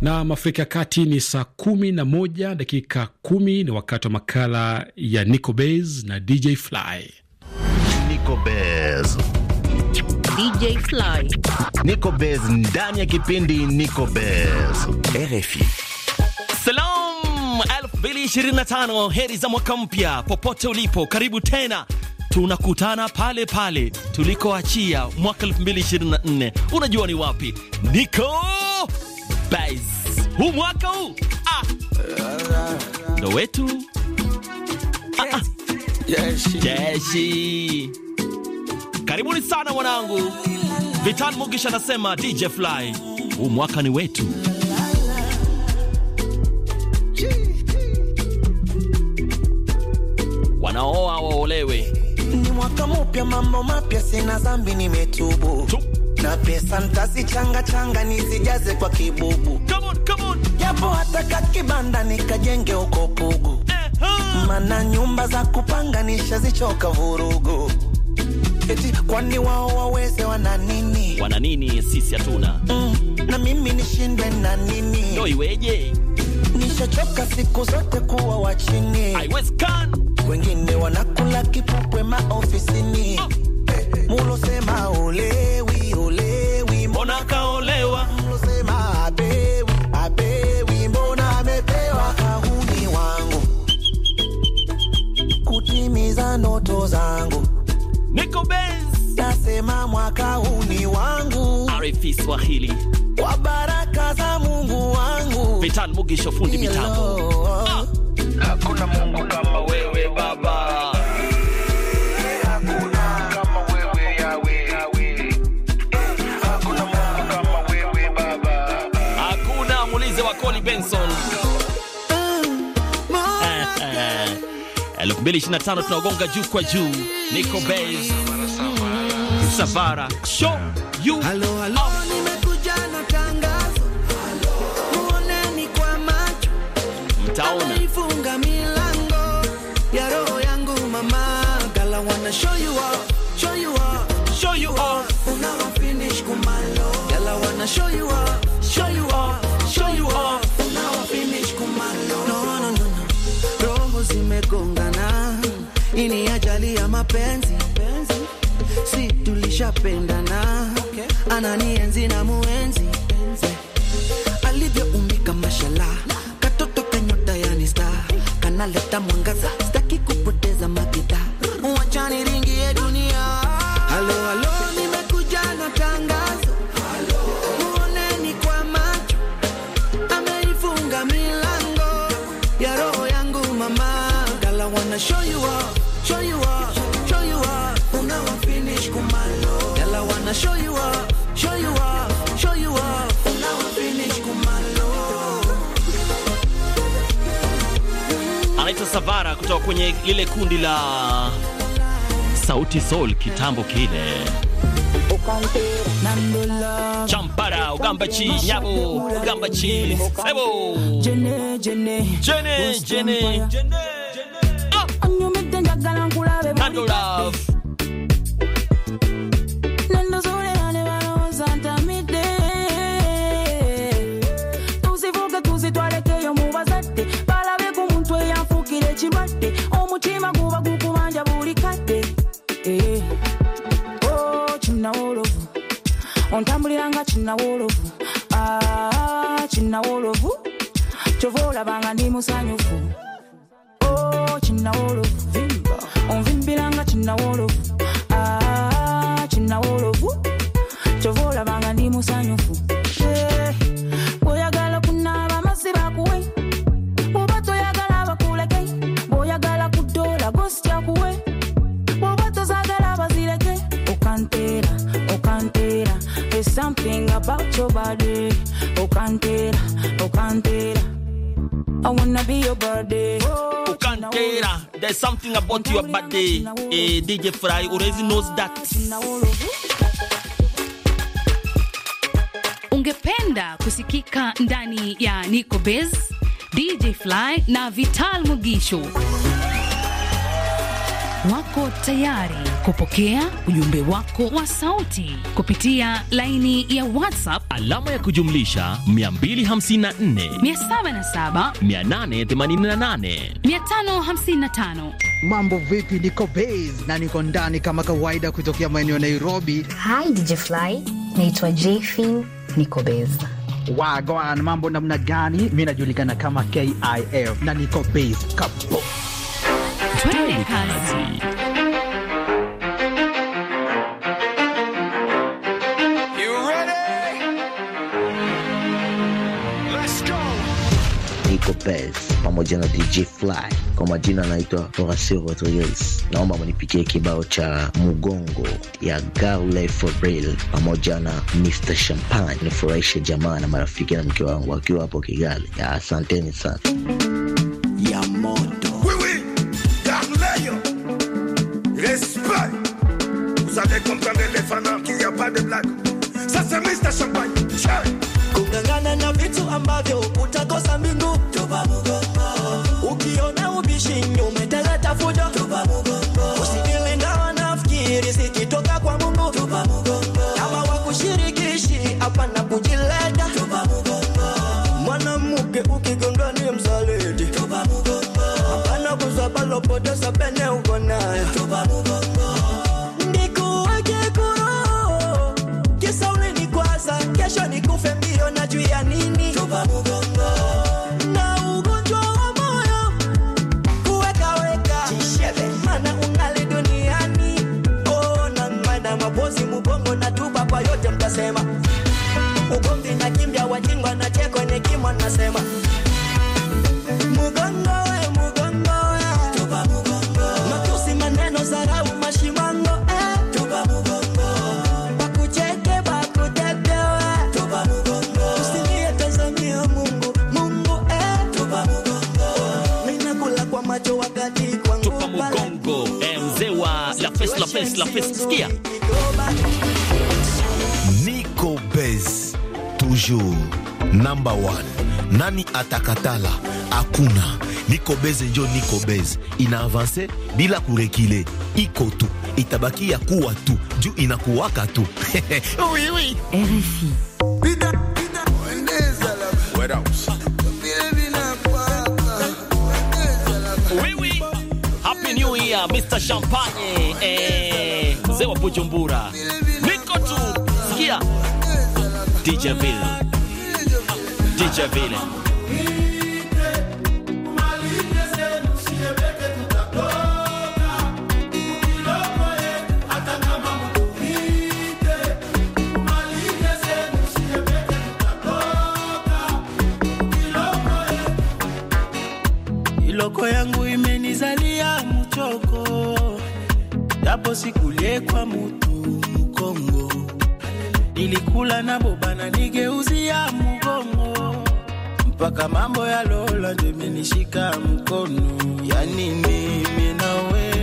na Afrika ya Kati ni saa kumi na moja dakika kumi. Ni wakati wa makala ya Nico Bas na DJ Fly. Nico DJ Fly, Nico ndani ya kipindi Nico RFI. Salam 2025, heri za mwaka mpya popote ulipo, karibu tena tunakutana pale pale tulikoachia mwaka 2024. Unajua ni wapi? Niko base huu mwaka huu ah. ndo wetu ah, ah. jeshi, Karibuni sana mwanangu Vitan Mugisha anasema DJ Fly, huu mwaka ni wetu. Wanaoa waolewe, ni mwaka mupya, mambo mapya, sina zambi, nimetubu Tup na pesa ntazichanga changa nizijaze kwa kibubu, japo hata kakibanda nikajenge uko Pugu eh, mana nyumba za kupanga nishazichoka vurugu. Eti kwani wao waweze wana nini? Wana nini? Sisi hatuna mm, na mimi nishindwe na nini? Ndio iweje? Nishachoka siku zote kuwa wa chini, wengine wanakula kipupwe maofisini, oh, eh, mulosema zangu niko Benz nasema mwaka huu ni wangu. RFI Swahili, kwa baraka za Mungu wangu. Vital Mugisho, fundi mitambo. Ah. Hakuna Mungu kama wewe 2025 tunagonga juu kwa juu. Niko Base Savara show you oh. nimekuja na tangazo kwa macho mtaona milango ya roho yangu mama gala wanna show you off, show you off, show you off. Una finish kumalo gala wanna show you off. mapenzi si tulishapendana, okay. Ananienzi na muenzi alivyoumbika, mashala katoto kanyota yani star kanaleta mwangaza, staki kupoteza makita, ringi niringie dunia. Halo, halo, nimekuja na tanga Show you up, show you up. gonna show you off, show you off, show you off. Now I'm finished kumalo. Anaitwa Savara kutoka kwenye lile kundi la Sauti Soul kitambo kile. Champara, Ugambachi, Nyabo, Ugambachi, Sebo. Jene, jene. Jene, jene. jene. jene jene Love. kinnawolovu ah, kinnawolovu kyova olabanga ndi musanyu about your body. Oh, cantera, oh, cantera. I wanna be your body. Oh, cantera, there's something about your body. Hey, eh, DJ Fry already knows that. Ungependa kusikika ndani ya Nico Bez, DJ Fly na Vital Mugisho wako tayari kupokea ujumbe wako wa sauti kupitia laini ya WhatsApp alama ya kujumlisha 254 77 Mambo vipi? Niko base na niko ndani kama kawaida kutokea maeneo ya Nairobi. Hi DJ Fly, naitwa Jefin, niko base Wagwan, mambo namna gani? Mi najulikana kama KIF na niko base kapo. Twende kazi. Lopez pamoja na DJ Fly. Kwa majina anaitwa Horacio Rodriguez. Naomba mnipikie kibao cha Mugongo ya Gaule Real pamoja na Mr Champagne, nifurahishe jamaa na marafiki na mke wangu akiwa hapo Kigali. Asanteni sana. Elvis, sikia Nico Bez toujours number one. Nani atakatala? Hakuna. Niko Bez njo Niko Bez ina avanse bila kurekile, iko tu itabaki ya kuwa tu juu inakuwaka tu oui, oui. RFI. What Mr. Champagne. Eh. Bujumbura, niko tu sikia DJ Ville, DJ Ville. Hapo kwa mutu mkongo nilikula na bobana nigeuzia mugongo, mpaka mambo ya lola ndio imenishika mkono, yani mimi na nawe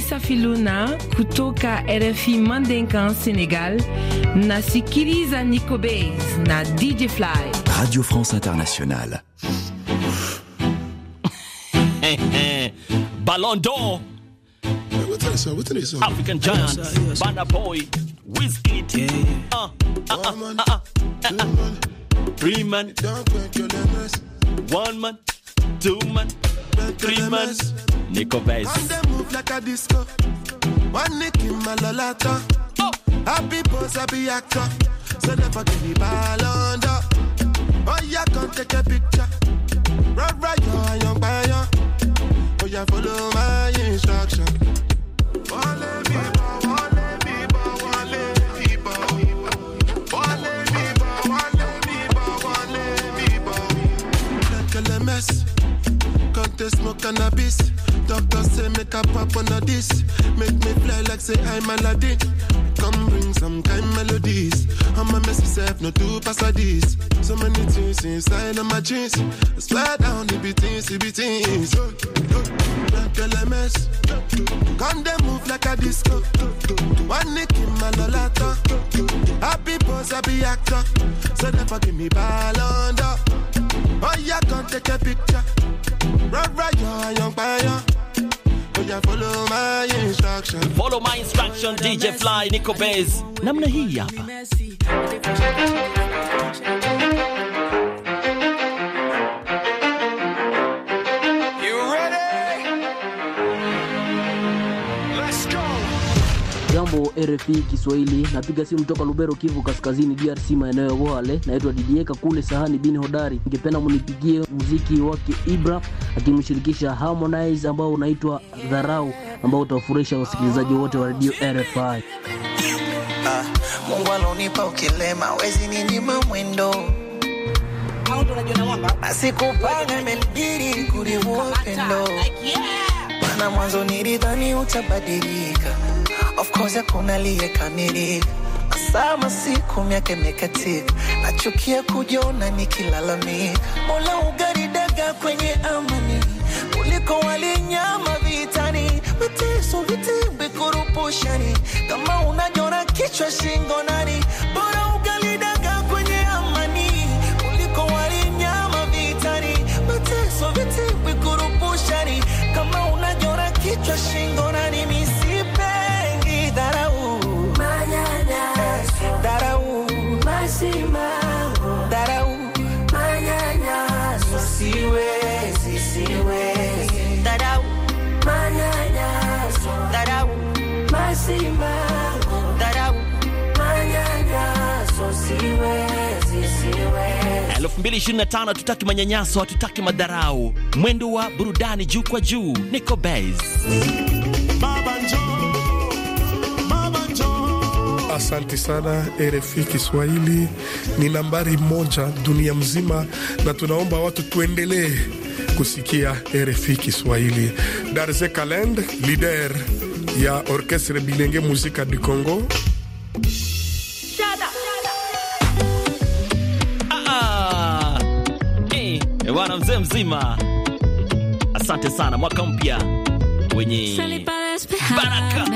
Safiluna kutoka RFI Mandenkan Sénégal, na sikiliza Nico Base na DJ Fly Radio France Internationale. Ballon d'Or African Giant Banda Boy With It uh, uh, uh, man, man One man Two man Christmas. Nico Vez. And they move like a disco. One nick in my lolata. Oh. Happy boss, happy actor. So never give me ball under. Oh, yeah, come take a picture. cannabis. Doctor say make a pop on a this. Make me fly like say I'm Aladdin. Come bring some kind melodies. I'm a mess myself, no two pass like this. So many things inside of my jeans. I swear down, it be things, it be things. mess. Come they move like a disco. One nick in my lolata. Happy pose, be actor. So never give me ball under. Oh yeah, come take a picture. Follow my instruction, DJ Fly Nico Bass, namna hii hapa RFI Kiswahili. Napiga simu toka Lubero, Kivu Kaskazini, DRC, maeneo ya Gohale. Naitwa Didieka kule sahani bini hodari. Ningependa munipigie muziki wake Ibra akimshirikisha Harmonize ambao unaitwa Dharau, ambao utawafurahisha wasikilizaji wote wa radio RFI. Ah, Mungu alonipa ukilema wezi ninyima mwendo Asikupana melbiri kuliwa upendo, maana mwanzo nilidhani utabadilika koze kuna liye kamili asama siku miaka mekatika nachukia kujona nikilalalamia mola ugari daga kwenye amani kuliko walinyama vitani mateso vitimbi kurupushani kama unajona kichwa shingo nani 2025 tutaki manyanyaso, hatutaki madharau. Mwendo wa burudani juu kwa juu. Niko Base. Asante sana RFI Kiswahili ni nambari moja dunia mzima, na tunaomba watu tuendelee kusikia RFI Kiswahili. Darze Kalend, leader ya orkestre Bilenge Musika du Congo. bwana mzee mzima, asante sana, mwaka mpya wenye baraka.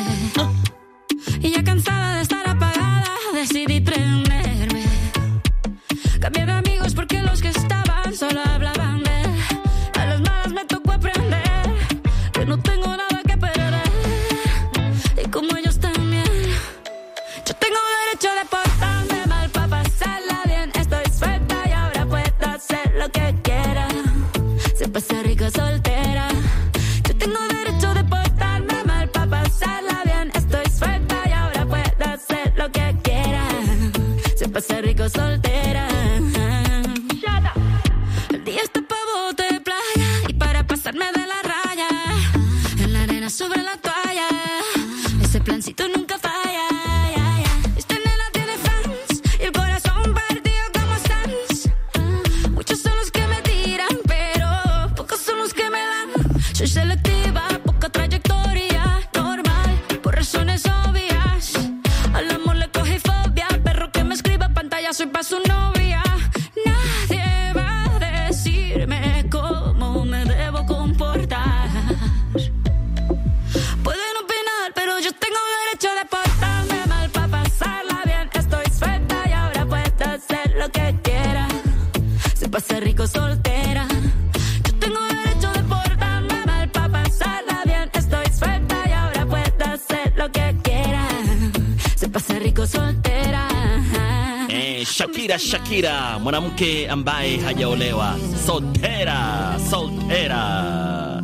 Shakira Shakira, mwanamke ambaye hajaolewa, soltera soltera.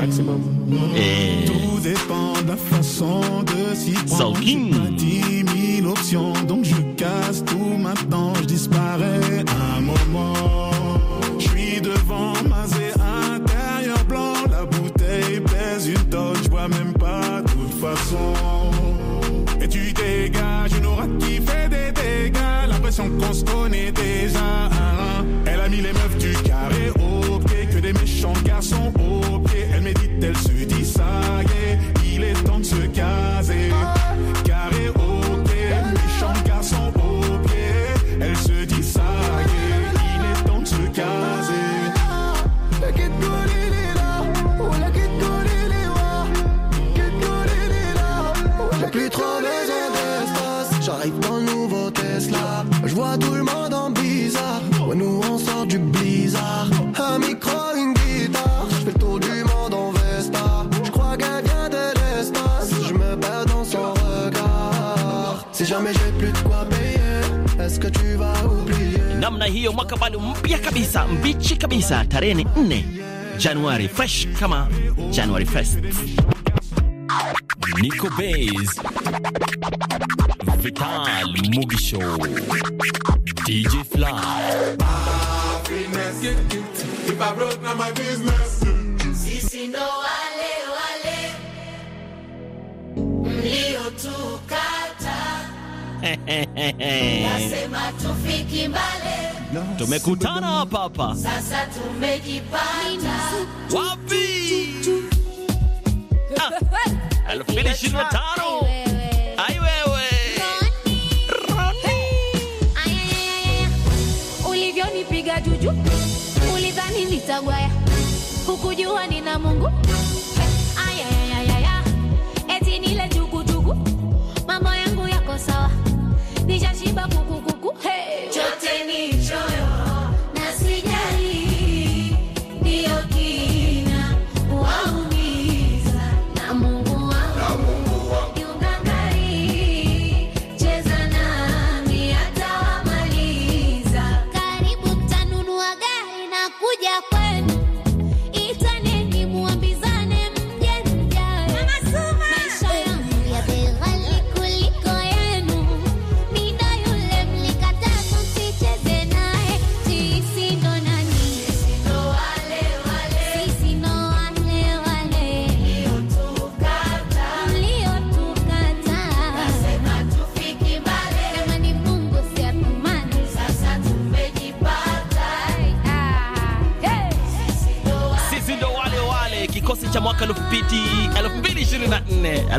Maximum. Et... Eh. Tout dépend de la façon de s'y prendre. J'ai 10 000 options, donc je casse tout maintenant, je disparais. Elle a mis les meufs du carré au que des méchants garçons au pied. Elle médite, elle se dit ça il est temps de se caser. Carré au pied, méchants garçons au pied. Elle se dit ça il est temps de se caser. tout le monde en bizarre. nous on sort du blizzard. Un micro, une guitare. Je fais le tour du monde en Vesta. Je crois qu'elle vient de l'espace. Je me perds dans son regard. Si jamais j'ai plus de quoi payer, est-ce que tu vas oublier? Namna hiyo mwaka bado mpya kabisa, mbichi kabisa. Tarehe ni 4 Januari, fresh kama January fresh Nico Bays Vital Mugisho, DJ Fly. Ah, If I broke, now my business. Sisi ndo wale wale mliotukata, nasema tufiki mbale Tumekutana hapa hapa sasa, tumejipata wapi? Ah, elfu mbili ishirini na tano. nilipiga juju, ulidhani nitagwaya, hukujua nina Mungu.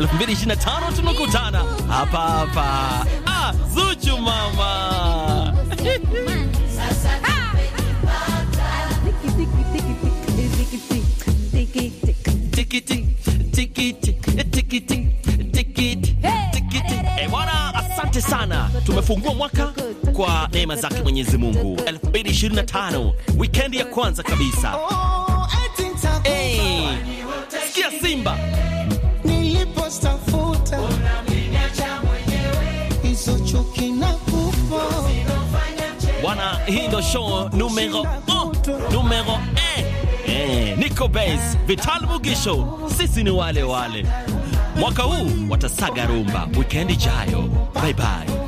2025 tunakutana hapa hapa. Ah, Zuchu mama eh, bwana, asante sana, tumefungua mwaka kwa neema zake Mwenyezi Mungu 2025 wikendi ya kwanza kabisa. Hey, eh, sikia Simba Bwana, hii ndo show numero 1 numero eh. Eh, Nico Bass, Vital Mugisho, sisi ni wale wale. Mwaka huu watasaga rumba, weekend ijayo. Bye bye.